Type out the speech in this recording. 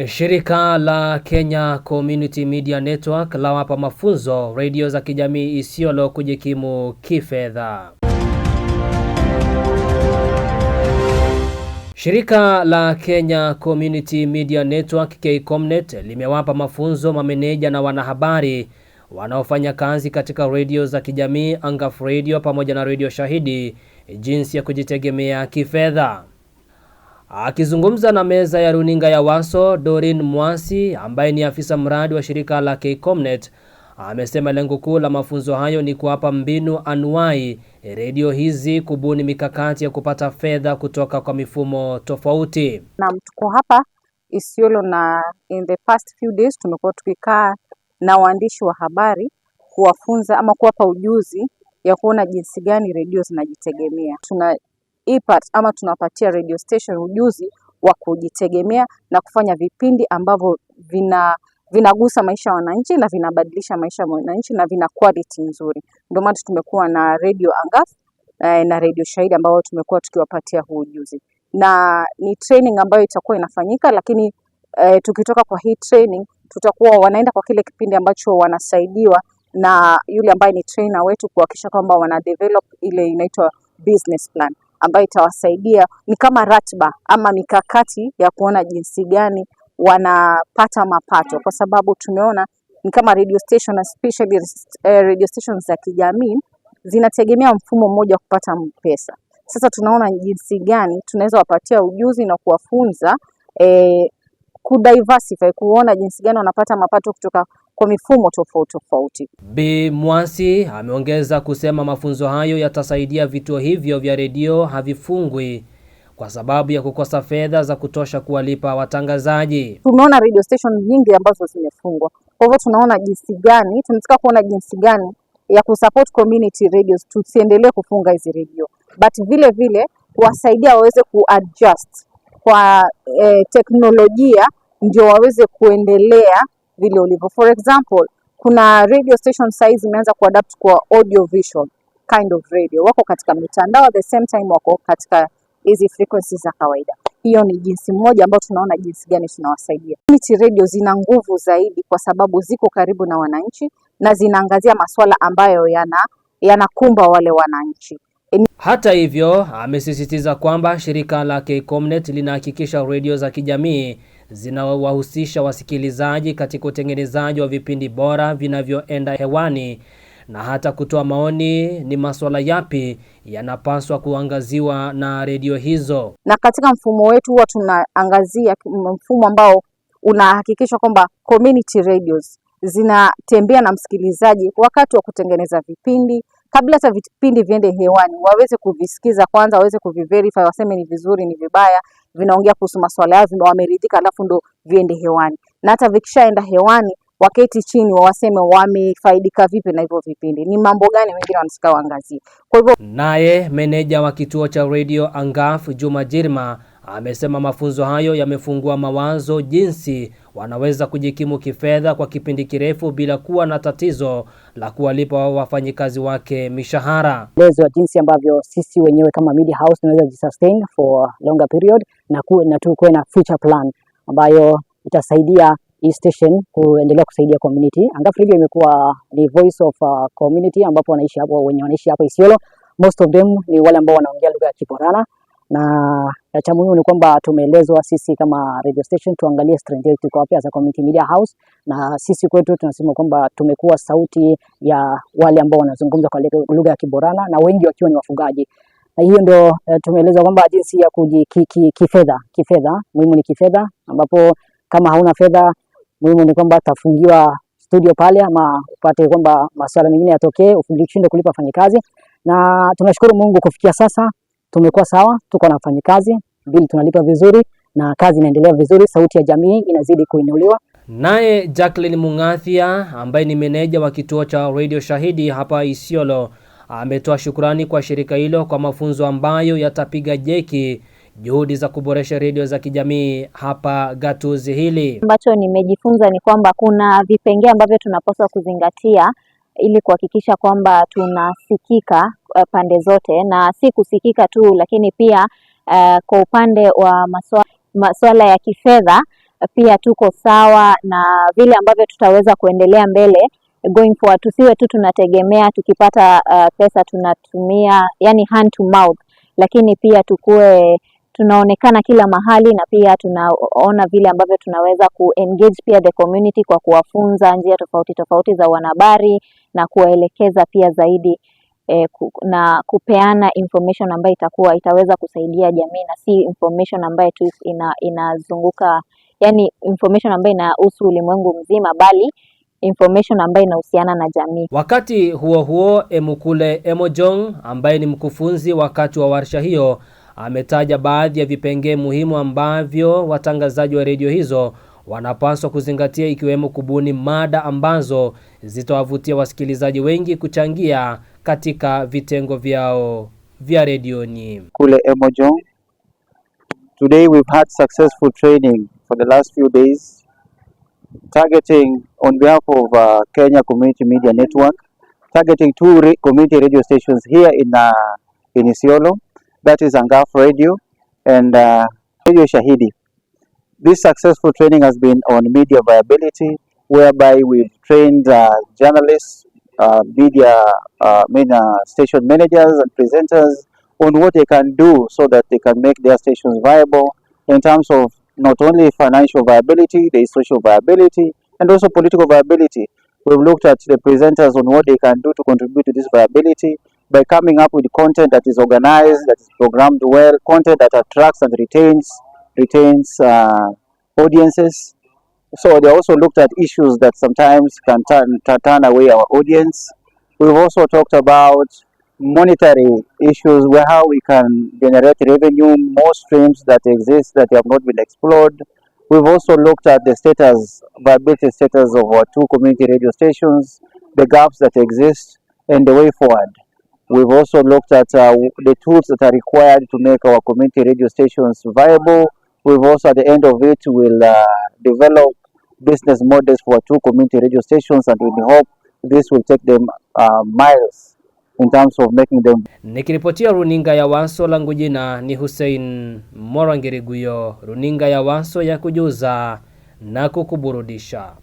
Eh, shirika la Kenya Community Media Network lawapa mafunzo redio za kijamii Isiolo kujikimu kifedha. Shirika la Kenya Community Media Network KCOMNET limewapa mafunzo mameneja na wanahabari wanaofanya kazi katika redio za kijamii Angaf Radio pamoja na redio Shahidi jinsi ya kujitegemea kifedha. Akizungumza na meza ya runinga ya Waso, dorin Mwasi ambaye ni afisa mradi wa shirika la Kcomnet amesema lengo kuu la mafunzo hayo ni kuwapa mbinu anuai redio hizi kubuni mikakati ya kupata fedha kutoka kwa mifumo tofauti. Na tuko hapa Isiolo na in the past few days tumekuwa tukikaa na waandishi wa habari kuwafunza ama kuwapa ujuzi ya kuona jinsi gani redio zinajitegemea. Tuna ipat ama tunawapatia radio station ujuzi wa kujitegemea na kufanya vipindi ambavyo vina vinagusa maisha ya wananchi na vinabadilisha maisha ya wananchi na vina quality nzuri. Ndio maana tumekuwa na radio Angafu eh, na radio Shahidi ambao tumekuwa tukiwapatia huu ujuzi, na ni training ambayo itakuwa inafanyika, lakini eh, tukitoka kwa hii training tutakuwa wanaenda kwa kile kipindi ambacho wanasaidiwa na yule ambaye ni trainer wetu kuhakikisha kwamba wana develop ile inaitwa business plan ambayo itawasaidia ni kama ratiba ama mikakati ya kuona jinsi gani wanapata mapato, kwa sababu tumeona ni kama radio station especially eh, radio stations za kijamii zinategemea mfumo mmoja wa kupata pesa. Sasa tunaona jinsi gani tunaweza wapatia ujuzi na kuwafunza eh, kudiversify kuona jinsi gani wanapata mapato kutoka kwa mifumo tofauti tofauti. Bi Mwasi ameongeza kusema mafunzo hayo yatasaidia vituo hivyo vya redio havifungwi kwa sababu ya kukosa fedha za kutosha kuwalipa watangazaji. Tumeona radio station nyingi ambazo zimefungwa, kwa hivyo tunaona jinsi gani, tunataka kuona jinsi gani ya kusupport community radios, tusiendelee kufunga hizi radio, but vile vile kuwasaidia waweze kuadjust kwa eh, teknolojia ndio waweze kuendelea vile ulivyo. For example, kuna radio station size imeanza kuadapt kwa audio visual kind of radio, wako katika mitandao, the same time wako katika hizi frequencies za kawaida. Hiyo ni jinsi moja ambayo tunaona jinsi gani tunawasaidia. Community radio zina nguvu zaidi kwa sababu ziko karibu na wananchi na zinaangazia masuala ambayo yana yanakumba wale wananchi. Hata hivyo, amesisitiza kwamba shirika la KCOMNET linahakikisha redio za kijamii zinawahusisha wasikilizaji katika utengenezaji wa vipindi bora vinavyoenda hewani na hata kutoa maoni ni masuala yapi yanapaswa kuangaziwa na redio hizo. Na katika mfumo wetu huwa tunaangazia mfumo ambao unahakikisha kwamba community radios zinatembea na msikilizaji wakati wa kutengeneza vipindi, kabla hata vipindi viende hewani, waweze kuvisikiza kwanza, waweze kuviverify, waseme ni vizuri, ni vibaya, vinaongea kuhusu masuala yao, wameridhika, alafu ndo viende hewani, na hata vikishaenda hewani waketi chini wawaseme wamefaidika vipi na hivyo vipindi, ni mambo gani wengine wanasika waangazie. Kwa hivyo, naye meneja wa kituo cha redio Angaf Juma Jirma amesema mafunzo hayo yamefungua mawazo jinsi wanaweza kujikimu kifedha kwa kipindi kirefu bila kuwa na tatizo la kuwalipa wafanyikazi wake mishahara. Elezo jinsi ambavyo sisi wenyewe kama media house tunaweza jisustain for longer period na kuwe na tu kuwe na future plan ambayo itasaidia hii station kuendelea kusaidia community. Anga Free Radio imekuwa ni voice of uh, community ambapo wanaishi hapo wenye wanaishi hapo Isiolo. Most of them ni wale ambao wanaongea lugha ya Kiborana na ya cha muhimu ni kwamba tumeelezwa sisi kama radio station tuangalie strength yetu kwa wapi as a community media house, na sisi kwetu tunasema kwamba tumekuwa sauti ya wale ambao wanazungumza kwa lugha ya Kiborana na wengi wakiwa ni wafugaji na hiyo ndo eh, tumeeleza kwamba jinsi ya kuji ki, kifedha muhimu ni kifedha, ambapo kama hauna fedha muhimu ni kwamba tafungiwa studio pale, ama upate kwamba masuala mengine yatokee, ushinde kulipa fanyikazi. Na tunashukuru Mungu kufikia sasa tumekuwa sawa, tuko na fanyikazi bili tunalipa vizuri na kazi inaendelea vizuri, sauti ya jamii inazidi kuinuliwa. Naye Jacqueline Mungathia ambaye ni meneja wa kituo cha Radio Shahidi hapa Isiolo ametoa shukrani kwa shirika hilo kwa mafunzo ambayo yatapiga jeki juhudi za kuboresha redio za kijamii hapa gatuzi hili. Ambacho nimejifunza ni kwamba kuna vipengee ambavyo tunapaswa kuzingatia ili kuhakikisha kwamba tunasikika eh, pande zote, na si kusikika tu, lakini pia uh, kwa upande wa maswa, masuala ya kifedha eh, pia tuko sawa na vile ambavyo tutaweza kuendelea mbele going forward, tusiwe tu tunategemea tukipata uh, pesa tunatumia yani hand to mouth, lakini pia tukue tunaonekana kila mahali na pia tunaona vile ambavyo tunaweza engage pia the community kwa kuwafunza njia tofauti tofauti za wanabari na kuwaelekeza pia zaidi eh, na kupeana information ambayo itakuwa itaweza kusaidia jamii na si information ambayo tu inazunguka ina yani information ambayo inahusu ulimwengu mzima bali information ambayo inahusiana na jamii. Wakati huo huo, Emukule Emojong ambaye ni mkufunzi wakati wa warsha hiyo ametaja baadhi ya vipengee muhimu ambavyo watangazaji wa redio hizo wanapaswa kuzingatia ikiwemo kubuni mada ambazo zitawavutia wasikilizaji wengi kuchangia katika vitengo vyao vya redioni. Kule Emojong. Today we've had successful training for the last few days. targeting on behalf of uh, Kenya Community Media Network, targeting two re community radio stations here in uh, in Isiolo, that is Angaf Radio and uh, Radio Shahidi. This successful training has been on media viability, whereby we've trained uh, journalists, uh, media, uh, media uh, station managers and presenters on what they can do so that they can make their stations viable in terms of not only financial viability, there is social viability and also political viability. We've looked at the presenters on what they can do to contribute to this viability by coming up with content that is organized, that is programmed well, content that attracts and retains retains uh, audiences. So they also looked at issues that sometimes can turn, turn away our audience. We've also talked about monetary issues where how we can generate revenue, more streams that exist that have not been explored. We've also looked at the status, viability status of our two community radio stations, the gaps that exist, and the way forward. We've also looked at uh, the tools that are required to make our community radio stations viable. We've also, at the end of it, will uh, develop business models for two community radio stations, and we hope this will take them uh, miles in terms of making them. Nikiripotia runinga ya Wanso, langu jina ni Hussein Morangiriguyo, runinga ya Wanso ya kujuza na kukuburudisha.